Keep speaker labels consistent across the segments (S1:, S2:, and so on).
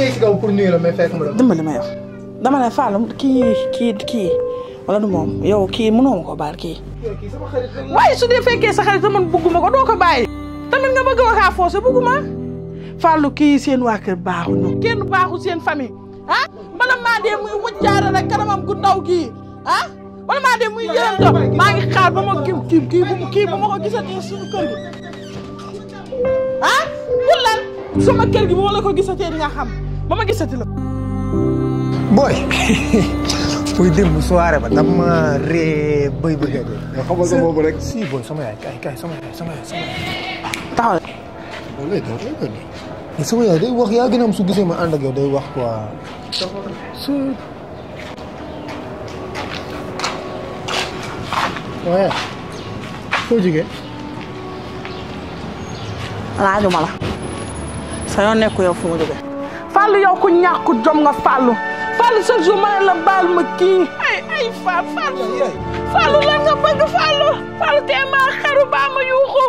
S1: yëg si kaw dama ne Fallou kii kii kii wala moom yow kii mënoo ma ko baal kii. waaye su dee fekkee sa xarit man bëgguma ko doo ko bàyyi. tamit nga bëgg a wax à force kii seen waa kër baaxuñu. kenn baaxu seen famille ah bala maa dee muy wëccaare rek kanamam gu ndaw gii ah bala maa dee muy yërëm dox maa ngi xaar ba ma kii kii kii kër gi ah pour lan sama kër gi bu ma la ko gisatee di nga xam. ba ma gisati la. booy. muy démb soirée ba dama ree bëy bëgg a dee. xamal sa bopp rek. si booy sama yaay kay kay sama yaay sama yaay. taxaw. sama yaay wax yaa gën a am ma ànd ak yow wax quoi. su. waaye. foo jugee. laajuma sa yoon nekku yow fu ma jógee. Fallou yow ku ñàkku jom nga Fallou Fallou chaque jour la baal ma kii ay ay fa nga bëgg Fallou Fallou tee ma xaru baa ma yuuxu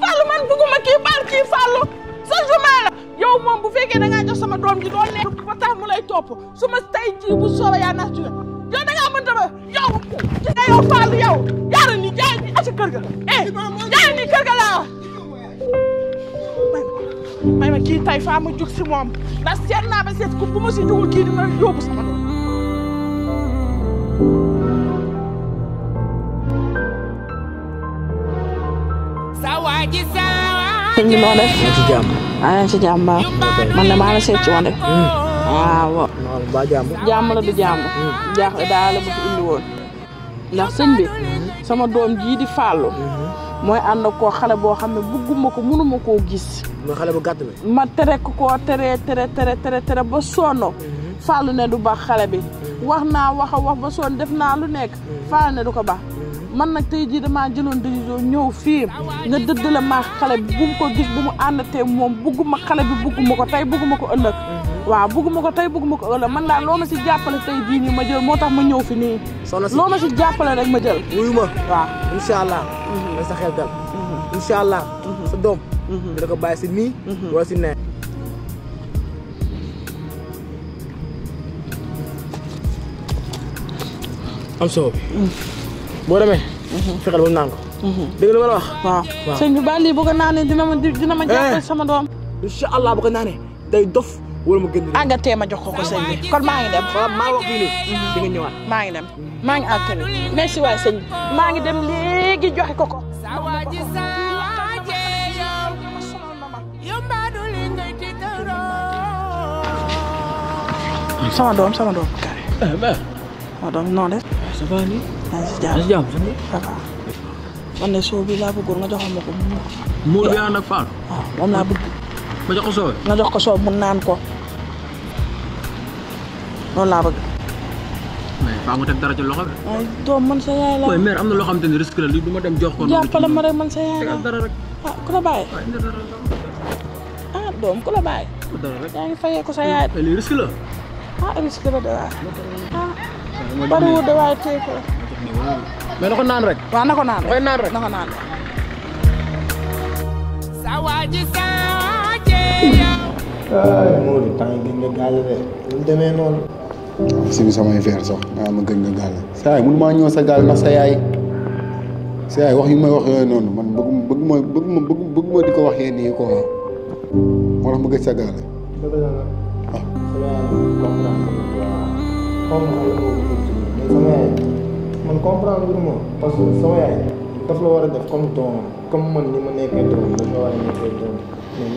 S1: Fallou man bëgguma kii baal kii Fallou chaque jour la yow moom bu fekkee da ngaa jox sama doom ji doon nekk ba tax mu lay topp su ma tey jii bu sooba yaa nas jue yow da ngaa mën dama yow ci nga yow Fallou yow yaara ni jaay ni aca kër ga eh ni kër ga laa may ma kii tay faa ma jug si moom ndax seet naa ba seet ku bu ma si jugul kii dina yóbbu sama sama doom jii di fàllu hmm. mooy ànd koo xale boo xam ne bugguma ko mënuma koo gis. mooy xale bu gàtt bi. ma tere ko koo tere tere tere tere ba sonno mhm. faalu ne du ba xale bi. Mhm. wax naa wax a wax ba sonn def naa lu nekk. Mhm. faalu ne du ko baax. man nag tey jii damaa jëloon décision ñëw fii nga dëddale ma maa xale bi bu ko gis bu mu àndatee moom bugguma xale bi bugguma ko tey bugguma ko ëllëg. waaw bugguma ko tey bugguma ko wala man daal loo ma si jàppale tey jii nii ma jël moo tax ma ñëw fi nii soxna si loo ma si jàppale rek ma jël wuyu ma waaw incha allah da mhm. sa xel dal mhm. incha allah mhm. sa doom da ko bàyyi si nii wala si nee am soo bi boo demee fexeel ba mu naan ko dégg la ma la wax waaw sëñ bi bu ko naanee dina ma dina ma eh. jàppale sama doom incha allah bu ko naanee day dof wala ma gën a. àngatee ah, ma jox ko ko sëñ bi kon maa ngi dem. waaw maa wax fii nii. di ngi dem maa ngi àttali. merci waay sëñ maa ngi dem léegi joxe ko ko. sama doom sama doom Kare. ah ba. sama doom non de. ça si jàmm naa si jàmm. ne soo laa bëggoon nga jox ma ko mu. muur bi ànd ah, moom laa bëgg. ma jox ko soobe. nga jox ko soobe mu naan ko. loolu laa bëgg. mais faa mu teg dara ci loxo ay doom man sa yaay la waaye mère am na loo risque la dem jox ko. ma rek man sa yaay la dara rek. ah ku la ah dom, ku la bàyyi. dara rek yaa ngi ko sa yaay. risque la. ah risque la de ah bariwul de waay téye ko. mais na ko rek. waaw na ko naan rek ay si bi samay feer sax nga ma gëj nga gàll sa mun maa ñëw sa gaal ndax sa yaay wax may wax man bëgg bëgg ma bëgg ma bëgg ma di ko wax ko wax moo ma gëj sa gaal man comprendre lu parce que sama yaay daf la war def comme doomam comme man ni ma nekkee doomam daf la war a nekkee mais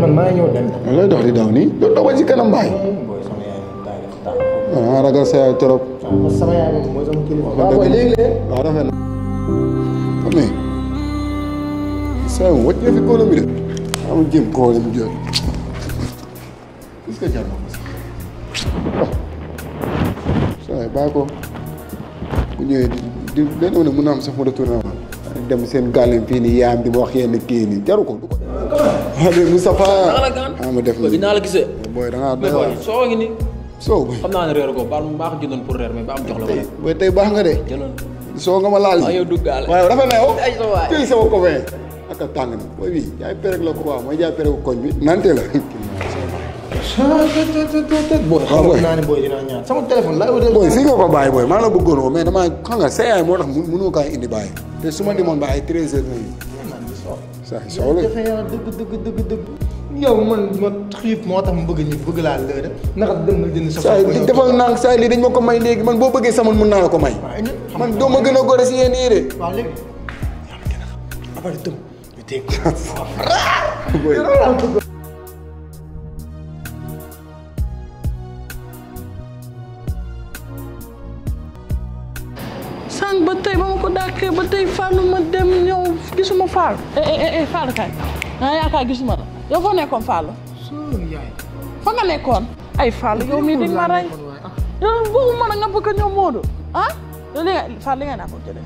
S1: nekk mais man dem dox di daw ci kanam dama ragal sa yaay trop. waaw
S2: booy léeg na.
S1: de am jéem kóola bi jooy est ko bu ñëwee di di leen ne mën naa am sax mu retourné ma dem seen gàllin fii nii yaam di ma wax yenn kii nii jaru ko du ko. waaw mais Moustapha. ah def nii dinaa la gisee. so xam naa ne reer ko baal ba am jox tey baax nga de. soo nga ma laal. Ah, waaw na yow. ay sa waay tey sama copain. ak a tàng na booy jaay perek la ko waaw mooy jaay perek koñ bi nante la. booy xam ah, naa ne booy dinaa ñaar sama téléphone laay wutee. booy si nga ko bàyyi booy maa la bëggoon woo mais damaa xam nga seeyaay moo tax mënoo kaa indi bàyyi. te su ma demoon ba ay treize heures. saa yu dëgg dëgg dëgg yow man ma xiif moo tax ma bëgg ni bëgg la leer naka dem na jënd sa saa di defal nang say li dañ ma ko may léegi man bo bëggee sama mën na la ko may man do ma gëna a gore si yéen yére waaw léegi yaa ma gëna xam abal dëm ñu dégg ko sànq ba tey ba ma ko dàkkee ba tay fanu ma dem ñew gisuma far eh eh eh, eh far kay ah yaakaar gisuma la yow foo nekkoon Fallou. yaay. fa nga ay Fallou yow mii di ma rey. yow boobu mën a nga bëgg a ñëw Moodu li nga na ko jàppale.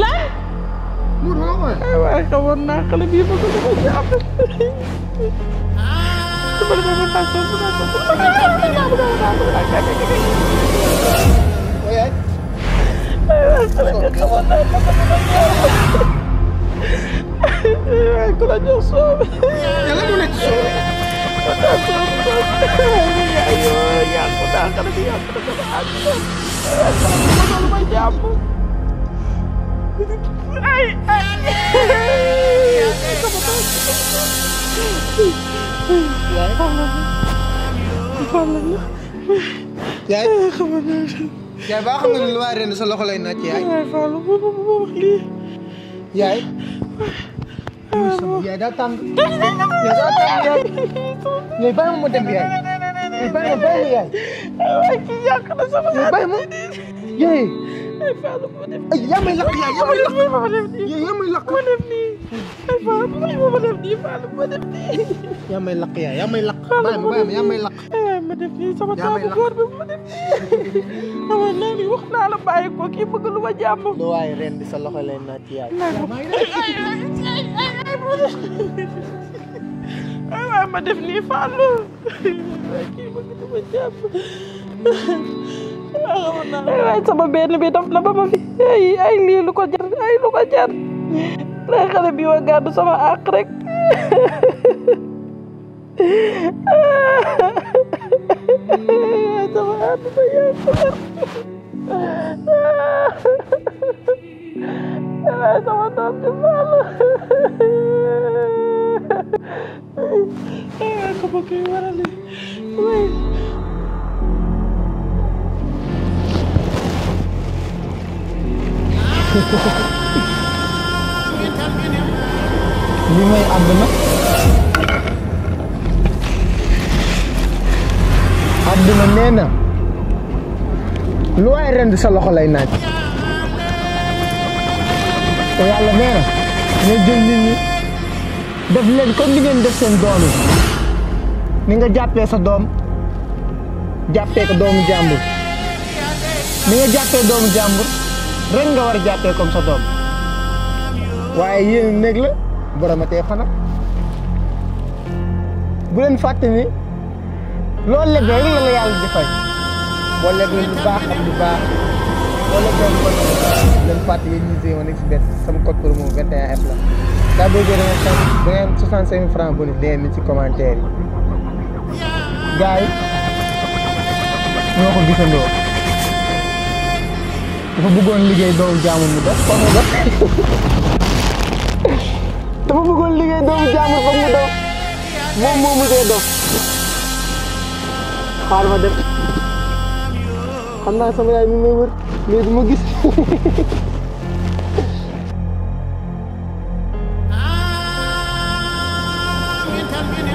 S1: la bëgg a tàggatoo dama la bëgg a tàggatoo dama Ik Kuna nyuso. Jangan boleh nyuso. Ya Ja, ya aku dah akan dia aku. Mana lu mai jamu? Ai, ai. Kamu tahu. Ya. Kamu. Ya, kamu. Ya baka manuluwarin sa loko lang natin ay. Yay. Ya da Ya, eh. ya da ya, ya.
S2: Ya ba mo dem ya.
S1: Ya ba mo ba ya.
S2: Ay kiyak na sa mga. Ya ba mo.
S1: Yay. Ay falo mo dem. Ay ya may laki ya, ya may laki. Ya ya may laki. Alam mo, yung madam di, alam mo, madam di. Yan may laki yan, yan may lak. Alam mo, yan may lak. Yan, madam di, sa mata mo, buwan mo, madam di. Naman na, ni wak na alam bayang ko, kaya pagulungan niya mo. No, ay, rin, di sa Ayo, ayo, ayo, ayo, ay, Ayo, ay, ay, ayo. ay, madam di, Ayo Kaya pagulungan niya mo. Ay, sama bayan na bayan na Ayo, ayo di. Ay, ayo lilo ko dyan, ay, lilo ko dyan. Raka nah, lebih gado sama akrek sama hati saya sama tante malu aku mau gimana nih Hehehehe li may àdduna àdduna nee lu waay rendu sa loxo lay naaj te yàlla nee na nga jël nit ni ni nga jàppee sa dom. jàppee ko dom jàmbur ni nga dom doomu jàmbur rek nga war a jàppee sa dom. waaye yéen néeg la boromatee fanam bu leen fàtte ni loolu léegi rek la la yàlla di fay boo léegi lu baax am lu baax boo léegi lu baax leen fàtte yéen ñi see woon ak si benn sama code promo 21F la. daa bëgg da ngeen xam da ngeen 65 francs bu ne dee mi ci commentaire yi gars yi ñoo ko gisandoo dafa bëggoon liggéey doomu jaamu mu def kon mu def. तुम तो बोल दिए दो क्या मुझे बोल दो वो मुंह मुझे दो हार मत दे हम ना समझ आई मैं मुर मेरे मुंह की